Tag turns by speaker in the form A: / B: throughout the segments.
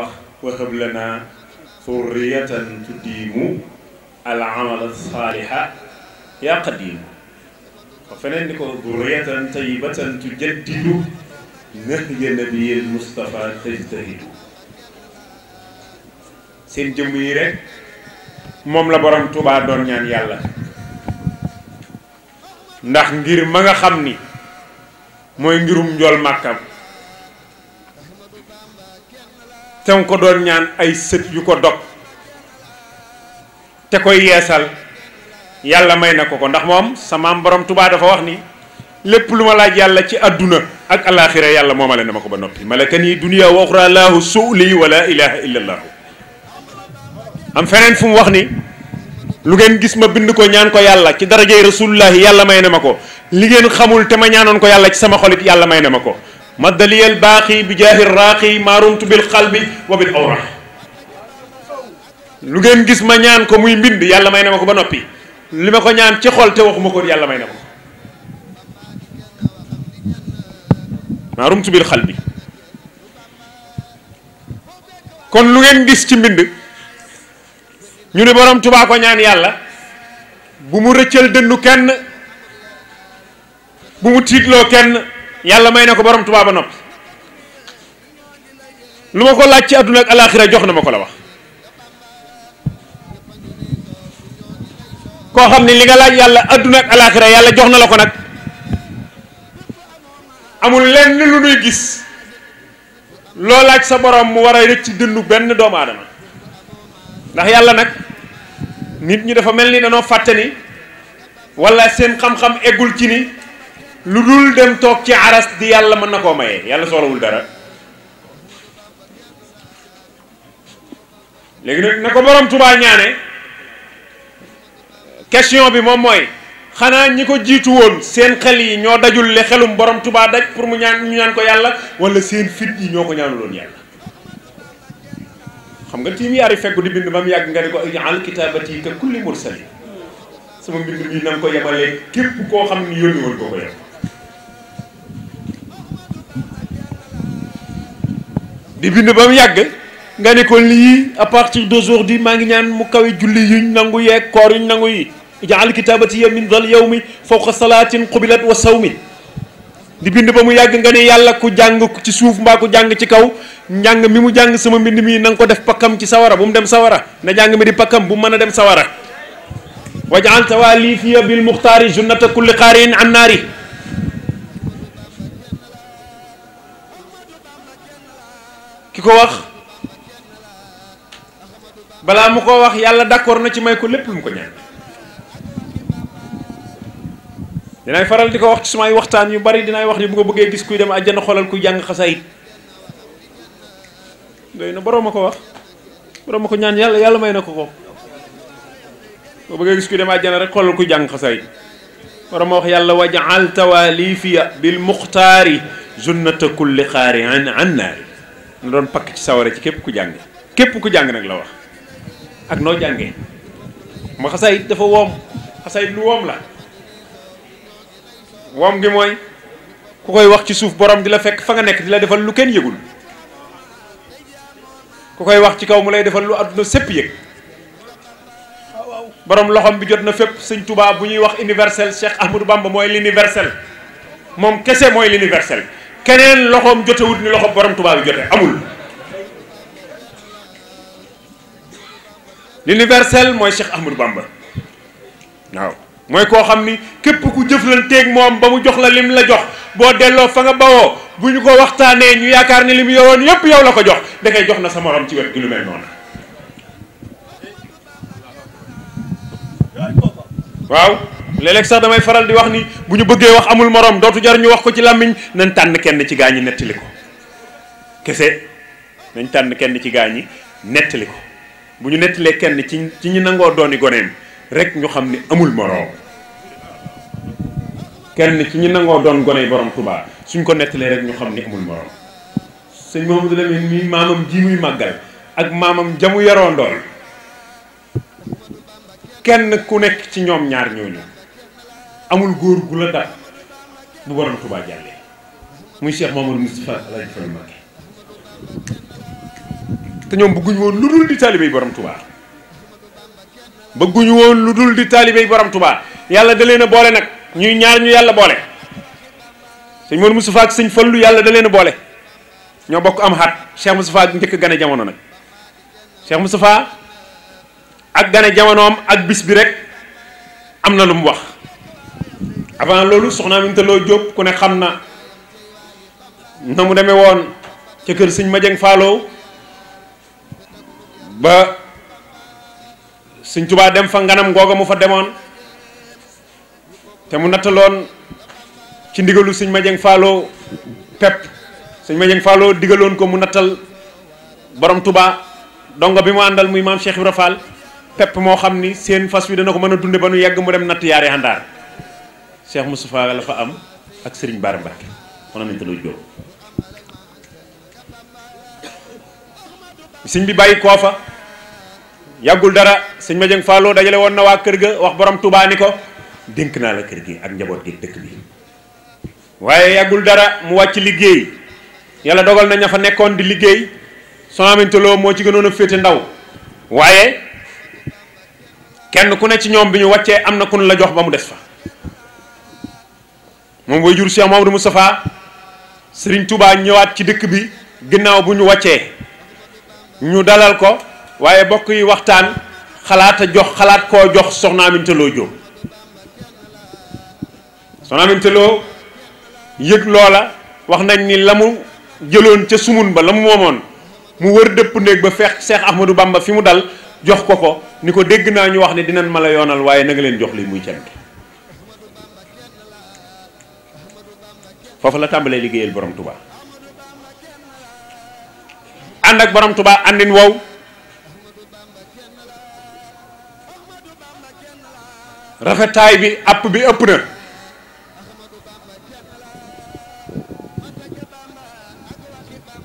A: wax wahab lana surriyatan tuddiimu al amal saaliha yaa qadim fa feneen ni ko durriyatan tayyibatan tujaddidu nahja nabiyil Mustafa tajtahidu seen jëmm yi rek moom la borom Tuubaa doon ñaan yàlla ndax ngir ma nga xam ni mooy ngirum njool màkkam té ko doon ñaan ay sët yu ko dog té koy yeesal yàlla may na ko ko ndax moom sama borom tuba dafa wax ni lépp lu ma laaj yàlla ci àdduna ak alaxira yàlla moomale na ma ba noppi dunia wa uxra suli wa la ilaha illa allah am feneen fu mu wax ni lu ngeen gis ma bind ko ñaan ko yàlla ci daraje rasulullahi yàlla may na ma ko li ngeen xamul te ma ñaanoon ko yàlla ci sama xolit yàlla may na ma مد لي الباقي بجاه الراقي ما رمت بالقلب وبالأوراح lu ngeen gis ma ñaan ko muy mbind yàlla may na ma ko ba noppi li ma ko ñaan ci xol te waxuma ko yàlla may na ma ko maa rumtu bil xal bi kon lu ngeen gis ci mbind ñu ne borom tubaa ko ñaan yàlla bu mu rëccal dënnu kenn bu mu tiitloo kenn yàlla may na ko boroom Tuubaa ba noppi lu ma ko laaj ci àdduna ak alaaxira jox na ma ko la wax koo xam ne li nga laaj yàlla àdduna ak alaaxira yàlla jox na la ko nag amul lenn lu nuy gis loo laaj sa boroom mu war a rëcc ci dëndu benn doomu aadama ndax yàlla nag nit ñi dafa mel ni danoo fàtte ni walla seen xam-xam eggul ci ni Ludul dem tok ci aras di yalla man nako maye yalla solo wul dara legui nak nako borom tubaa ñane question bi mom moy xana ñiko ko won seen xel yi ño dajul le xelum borom tubaa daj pour mu ñaan ñu ñaan ko yalla wala seen fit yi ño ko ñaanuloon yalla xam nga tiim yaari fekku di bind bam yag nga ko al kitabati ka kulli mursalin sama mbind mi na ko yabalé képp ko xamni won ko ko di bind ba mu yàgg nga ne ko lii à partir di maa ngi ñaan mu kawe julli yuñ nangu yeeg koor yuñ nangu yi jaal kitaabati min dal yawmi fawqa salaatin qubilat wa mi di bind ba mu yàgg nga ne yàlla ku jàng ci suuf mbaa ku jàng ci kaw njàng mi mu jàng sama mbind mi na nga ko def pakkam ci sawara bu mu dem sawara na jàng mi di pakkam bu mu mën a dem sawara wajaal tawalifiya bil muxtaari junnata kulli xaarin an naari kiko wax bala mu ko wax yalla d'accord na ci may ko lepp lu mu ko ñaan dinaay faral di wax ci sumay waxtaan yu bari dinaay wax yu bu nga bëggee gis kuy dem aljana xolal ku jang doy na borom ko wax borom ko ñaan yalla yalla may na ko ko bu bëggee gis kuy dem aljana rek xolal ku jang xasaayit borom wax yalla wajaal tawalifiya bil mukhtari junnata kulli khari'an an na doon pakk ci sawara ci képp ku jàng képp ku jàng nag la wax ak noo jàngee ma xasaayit dafa woom xasaayit lu woom la woom gi mooy ku koy wax ci suuf borom di la fekk fa nga nekk di la defal lu kenn yëgul ku koy wax ci kaw mu lay defal lu àdduna sépp yëg borom loxom bi jot na fépp sëñ tubaab bu ñuy wax universel Cheikh Ahmadou Bamba mooy l'universel moom kese mooy l'universel keneen loxoom jotewut ni loxoom borom Tuubaa bi jote amul l'universel mooy Cheikh Ahmadou Bamba waaw mooy koo xam ni képp ku jëflanteeg moom ba mu jox la lim la jox boo delloo fa nga bawoo bu ñu ko waxtaanee ñu yaakaar ni lim mu yowoon yépp yow la ko jox da jox na sa morom ci wet gi lu noonu waaw léeg-léeg sax damay faral di wax ni bu ñu bëggee wax amul moroom dootu jar ñu wax ko ci làmmiñ nañ tànn kenn ci gaa ñi nettali ko kese nañ tànn kenn ci gaa ñi nettali ko bu ñu nettilee kenn ci ci ñu nangoo dooni goneem rek ñu xam ne amul morom kenn ci ñu nangoo doon gone borom Tuubaa suñ ko nettalee rek ñu xam ne amul morom sëñ Mouhamadou Lamine mi maamam ji muy màggal ak maamam jamu yaroo ndool kenn ku nekk ci ñoom ñaar ñooñu amul goor gu la tax bu borom Touba jalle muy Cheikh mamour mustapha El Hadj Fall te ñom bëgguñ woon luddul di talibé borom Touba bëgguñ woon luddul di talibé borom Touba yalla da leena boole nak ñuy ñaar ñu yalla boole seigne mamour mustapha ak seigne Fallu yalla da leena boole ño bokk am hat Cheikh mustapha ak njëkk gane jamono nak Cheikh mustapha ak gane am ak bis bi rek amna lu mu wax avant lolu soxna te Lo job ku ne xamna na demé won ci keur seigne kër Fallo ba seigne touba dem fa nganam goga mu fa demone té mu natalon ci ndigalu seigne Madieng Fallo pep seigne Madieng Fallo digalon ko mu natal borom Touba dongo bi mu andal muy mam Cheikh ibrahim Fall pep mo xamni fas wi dana ko meuna dundé dunde yegg mu dem nat yaari handar Cheikh Moustapha la fa am ak Serigne Bara Mbacké mën nañu tëddoo sëñ bi bàyyi koo fa yàggul dara sëñ ma jëng faaloo dajale woon na waa kër ga wax borom Touba ni ko dénk naa la kër gi ak njaboot gi dëkk bi waaye yàggul dara mu wàcc liggéey yàlla dogal na ña fa nekkoon di liggéey Soxna Aminta Lo moo ci gënoon féete ndaw waaye kenn ku ne ci ñoom bi ñu wàccee am na kun la jox ba mu des fa mom boy jur Cheikh Mamadou Moustapha Serigne Touba ñewat ci dëkk bi ginnaw buñu ñu ñu dalal ko waye bokk yi waxtaan xalaata jox xalaat ko jox soxna Aminata Lo Diop soxna Aminata Lo yek lola wax nañ ni lamu mu ci sumun ba lamu momon mu wër depp ba fex Cheikh Ahmadou Bamba fi mu dal jox ko ko niko degg na ñu wax ni dinañ mala yonal waye na nga leen jox li muy fofu la tambalé liggéeyal borom Touba and ak borom Touba andin wow rafetay bi app bi ëpp na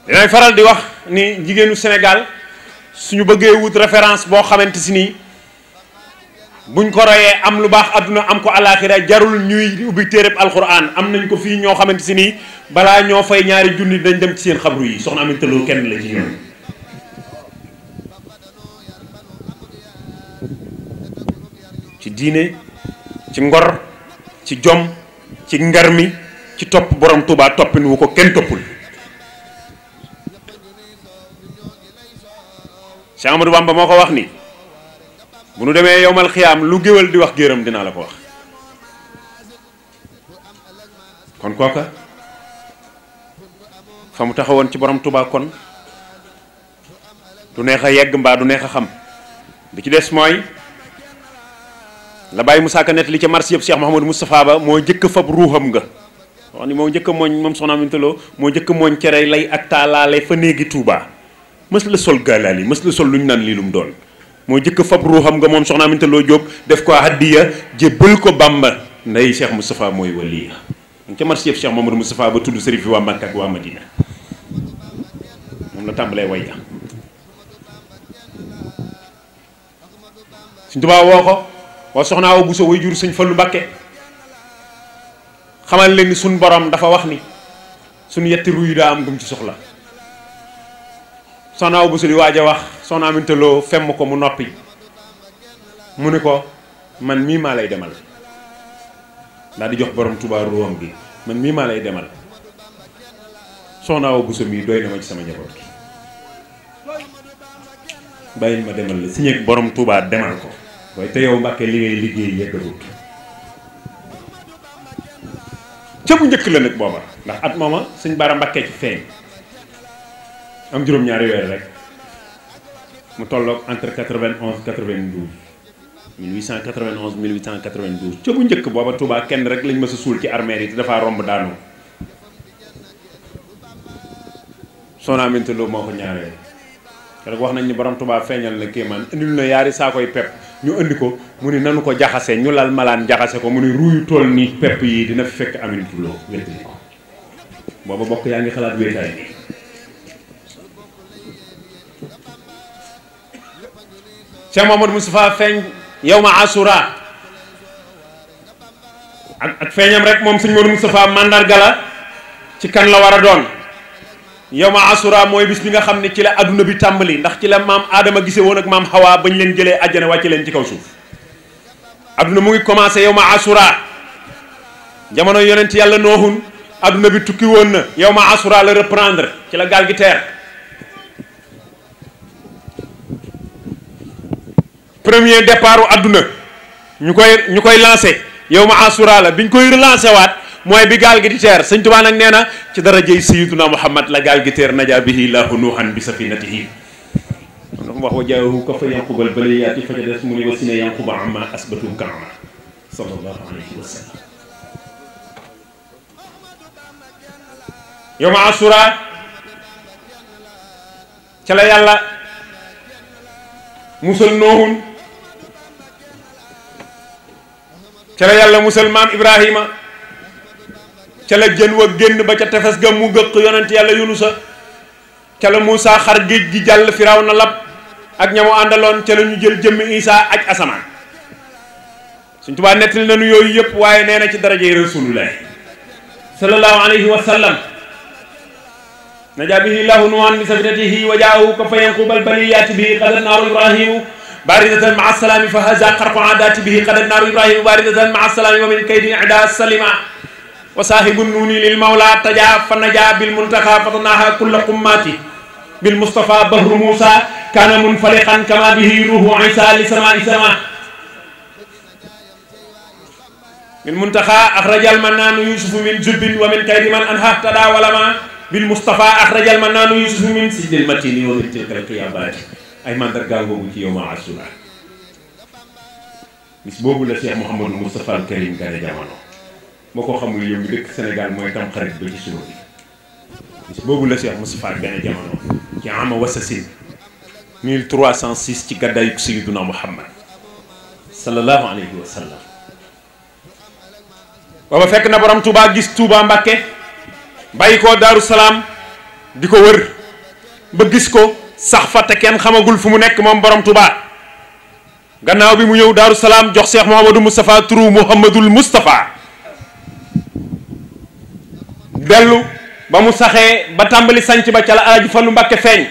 A: dinay faral di wax ni jigéenu Sénégal suñu bëggee wut référence boo xamante si nii buñ ko royee am lu baax àdduna am ko alaxira jarul ñuy ubbi téereb alquran am nañ ko fii ñoo xamante si nii balaa ñoo fay ñaari junni dañ dem ci seen xabru yi soxna Aminta loolu kenn la ci ñoom. ci diine ci ngor ci jom ci ngarmi ci topp boroom Tuubaa toppin wu ko kenn toppul Cheikh Amadou Bamba moo ko wax ni bu nu demee yowmal xiyaam lu géwal di wax géram dinaa la ko wax kon kooka fa mu taxawoon ci borom Tuubaa kon du neex a yegg mbaa du neex a xam bi ci des mooy la bàyyi Moussa Ka nett li ca mars yëpp Cheikh Mouhamadou Moustapha Ba moo jëkk fab ruuxam nga wax ni moo njëkk a moom soxna Aminta Lo moo njëkk a mooñ cere lay ak taalaale fa néegi tuubaa mës la sol gaalaal yi mës la sol lu ñu naan lii lu mu doon moo jëkk fab ruuxam nga moom soxna Aminta Lo Diop def ko haddiya jébbal ko Bamba nday Cheikh Moustapha mooy waliya nga ca marché yëpp Cheikh Mamadou Moustapha ba tudd sëriñ fi waa Makka ak waa Madina moom la tàmbalee way am suñ tubaab woo ko waa soxna Awa Bousso way jur sëñ Fallu Mbàkke xamal leen suñ borom dafa wax ni suñ yetti ruyu daa am gum ci soxla Sona bu Bousso waja mintelo wax sona min telo fem ko mu nopi muniko man mi ma lay demal da di jox borom tuba ruwam gi man mi ma lay demal sona bu Bousso mii doy na ma ci sama jabor ma demal la borom tuba demal ko way te yow Mbàkke li ngay liggey yëkkagut ci bu njëkk la nak boba ndax at mama suñ bara Mbàkke ci feñ am juróom ñaari weer rek mu tolloog entre 91 92 1891 1892 ca bu njëkk booba Touba kenn rek lañ mësa a suul ci armée yi te dafa romb daanu Soxna minte Lo moo ko ñaareel rek wax nañ ni borom Touba feeñal na kéemaan indil na yaari saakoy pep ñu indi ko mu ni nanu ko jaxase ñu lal malaan jaxase ko mu ni ruuyu toll ni pep yi dina fi fekk amin Lo wéttali ko booba bokk yaa ngi xalaat wéetaay te Cheikh Mouhamadou Moustapha feeñ yow ma asura ak ak feeñam rek moom sëñ Mouhamadou Moustapha mandarga la ci kan la war a doon yow ma asura mooy bis bi nga xam ne ci la adduna bi tàmbali ndax ci la maam aadama gise woon ak maam Hawa bañ leen jëlee àjjana wàcce leen ci kaw suuf adduna mu ngi commencé yow ma asura jamono yonent yàlla noohun adduna bi tukki woon na yow ma asura la reprendre ci la gaal premier départ u àdduna ñu koy ñu koy lancé yow ma asura la bi ñu koy relancé waat mooy bi gaal gi di teer sëñ nee na ci darajey sayyiduna Muhammad la gaal gi teer najaa bihi laahu nuuhan bi safinatihi wax wa jaahu ka fa yanqubal baliyaati fa ca des mu ni wa yanquba amma asbatu kaama yow ma asura ca la yàlla musal noohun ca la yàlla musal maam Ibrahima ca la jën wa génn ba ca tefes ga mu gëq yonent yàlla yunusa ca la Moussa xar géej gi jàll firaw na lab ak ñamu àndaloon ca la ñu jël jëmmi Isaa aj asamaan suñ tubaa nettali nañu yooyu yëpp waaye nee na ci darajey rasulullah sallallahu alayhi wa sallam bi safinatihi wa jaahu ka fa yanqubal baliyaati bihi qadat naaru ibrahimu باردة مع السلام فهذا قرق عادات به قد النار إبراهيم باردة مع السلام ومن كيد إعداء السلمة وصاحب النون للمولى تجاف فنجا بالمنتقى فطناها كل قماتي بالمصطفى بهر موسى كان منفلقا كما به روح عيسى لسماء سماء من منتخى أخرج المنان يوسف من جب ومن كيد من أنهى تدا ولما بالمصطفى أخرج المنان يوسف من سجد المتين ومن تلك القيامات ay mandargaal boobu ci yow ma asura bis boobu la Cheikh Mouhamadou Moustapha al Karim gane moo ko xamul yow mi dëkk Sénégal mooy xarit ba ci suba bi boobu la Cheikh Moustapha gane jamono ci ama wasasin 1306 ci gàddaayug Sayyiduna Muhammad sallallahu alayhi wa sallam fekk na borom Touba gis Touba Mbàkke bàyyi ko Daaru di ko wër ba gis ko sax fa te kenn xamagul fu mu nekk moom borom Touba gannaaw bi mu ñëw Daaru Salaam jox Cheikh Mouhamadou Moustapha turu Mouhamadul Moustapha dellu ba mu saxee ba tàmbali sanc ba ca la Alaaji Fallu Mbàkke feeñ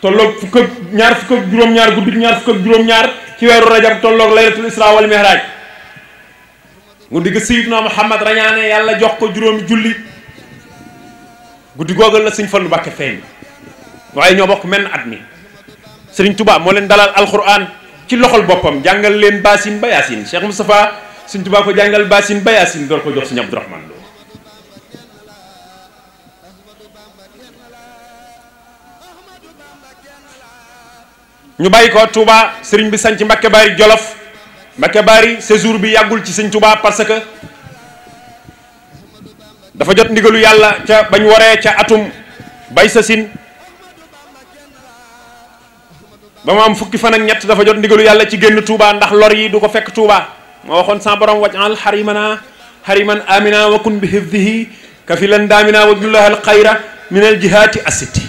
A: tolloog fukk ak ñaar fukk ak juróom-ñaar guddik ñaar fukk ak juróom-ñaar ci weeru rajab tolloog laylatul isra wal mihraj guddi gi Seydina Muhammad rañaane yàlla jox ko juróomi julli guddi googal la Sëñ Fallu Mbàkke feeñ waye ño bokk men at mi sëriñ Touba mo len dalal alquran ci loxol bopam jangal len basim ba yaasin Cheikh mustafa serigne Touba ko jangal basim ba yaasin door ko jox sëriñ Abdourahmane Lo ñu bayiko Touba serigne bi sanc Mbakke bari Jolof Mbakke Baari séjour bi yagul ci serigne Touba parce que dafa jot ndigalu yalla ca bañ waré ca atum bay sa sin ba mu am fukki fan ak ñett dafa jot ndigalu yàlla ci génn Touba ndax lor yi du ko fekk Touba moo waxoon sa borom waj al xarimana xariman amina wa kun bi hifdihi kafilan daamina wajullah al xayra min al assiti asitti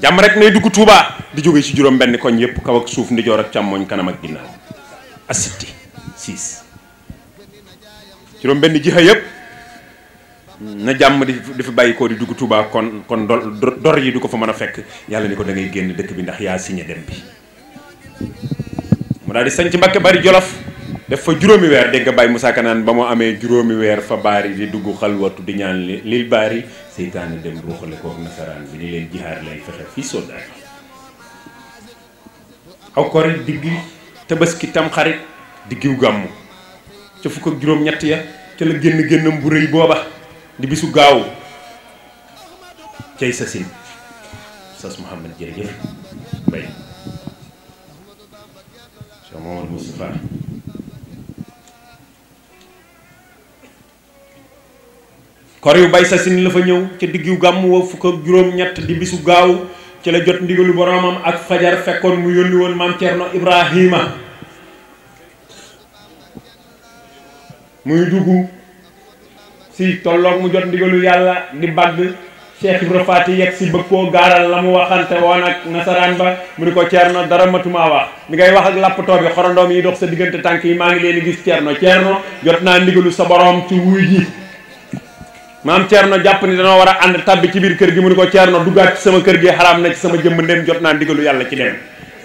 A: jàmm rek nay dugg Touba di jóge ci juróom benn koñ yépp kaw ak suuf ndijoor ak càmmooñ kanam ak ginnaaw asitti siis juróom benn jiha yépp na jamm di di fi di dugg Touba kon kon dor yi duko fa meuna a fekk yàlla ni ko da ngay genn dekk bi ndax ya signé dem bi mu daal sañ Bari Jolof def fa juróomi wer de nga bay Moussa Ka naan ba mu amee fa bari di dugg xalwatu di ñaan li lil bari seytaane dem ko na nasaraan bi ni len jihar lay fexe fii soldaar yi aw koor diggi beski tam xarit diggiw ci fuk ak juroom ñett ya ci la genn gennam bu reuy boba di bisu gaaw cey sasin sas Mouhamed jërëjëf bay Cheikh Mustafa, Moustapha kor yu bay sasin la fa ñew ci diggu gam wo fuk ak juroom ñett di bisu gaaw ci la jot ndigalu boromam ak fajar fekkon mu yoni won mam Thierno Ibrahima muy duggu si tolloog mu jot ndigalu yàlla di bagg Cheikh Ibra Faati yegg si bëgg koo gaaral la mu waxante woon ak nasaraan ba mu ni ko Ceerno dara matumaa wax li ngay wax ak lappatoo bi xorandoom yi dox sa diggante tànk yi maa ngi leen gis ceer Ceerno Ceerno jot naa ndigalu sa borom ci wuy ji maam Ceerno jàpp ni danoo war a ànd tabbi ci biir kër gi mu ni ko Ceerno duggaat ci sama kër gi xaraam na ci sama jëmm ndem jot naa ndigalu yàlla ci dem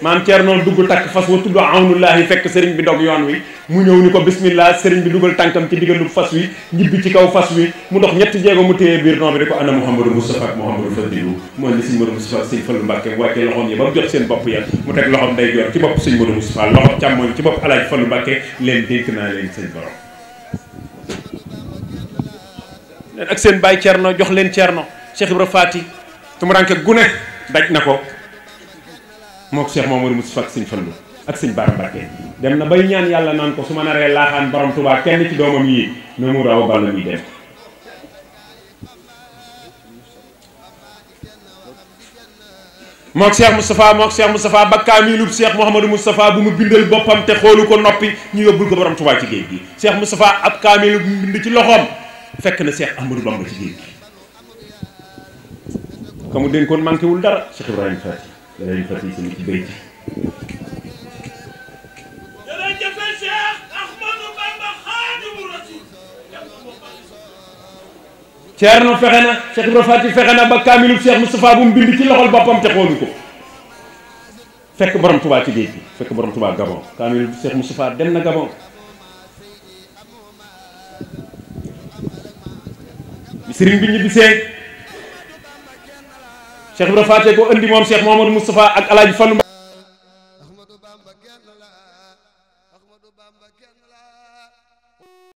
A: maam Thierno dugg takk fas wa tudd awnullahi fekk sëriñ bi dog yoon wi mu ñëw ni ko bismillah sëriñ bi dugal tànkam ci diggalu fas wi ñibbi ci kaw fas wi mu dox ñetti jéego mu téye biir noom bi di ko ana Mouhamadou Moustapha ak Mouhamadou Fadilou mooy li sëñ Modou Moustapha sëñ Fallou Mbacke wàccee loxoom yi ba mu jot seen bopp ya mu teg loxoom day joor ci bopp sëñ Modou Moustapha loxoom càmmooñ ci bopp alaaj Fallou Mbacke leen dénk naa leen sëñ borom leen ak seen daj na ko mook Cheikh Mamadou Moustapha ak ak sëñ Bara dem na bay ñaan yàlla naan ko su ma naree laaxaan borom Tuubaa kenn ci doomam yii na mu raw balla muy dem mook Cheikh Moustapha mook ba kaamilub Cheikh Mouhamadou bu mu bindal boppam te xoolu ko noppi ñu yóbbul ko borom Tuubaa ci géej gi seex Moustapha ab kaamilub mu bind ci loxoom fekk na Cheikh Ahmadou Bamba ci géej gi ka mu dénkoon manqué dara لازم خسيس اللي في بيتي جرجف الشيخ أحمد بن خادم الرسول Ceerno fexe na Cheikh Ibra Fati fexe na ba kaamilu Cheikh Moustapha bu mu bind ci loxol boppam te xoolu ko fekk borom Touba ci géej bi fekk borom Touba Gabon kaamilu Cheikh Moustapha dem na Gabon sëriñ bi ñu bisee Cheikh Ibra Faate ko andi moom Cheikh Mouhamadou Moustapha ak Alaaji Fallu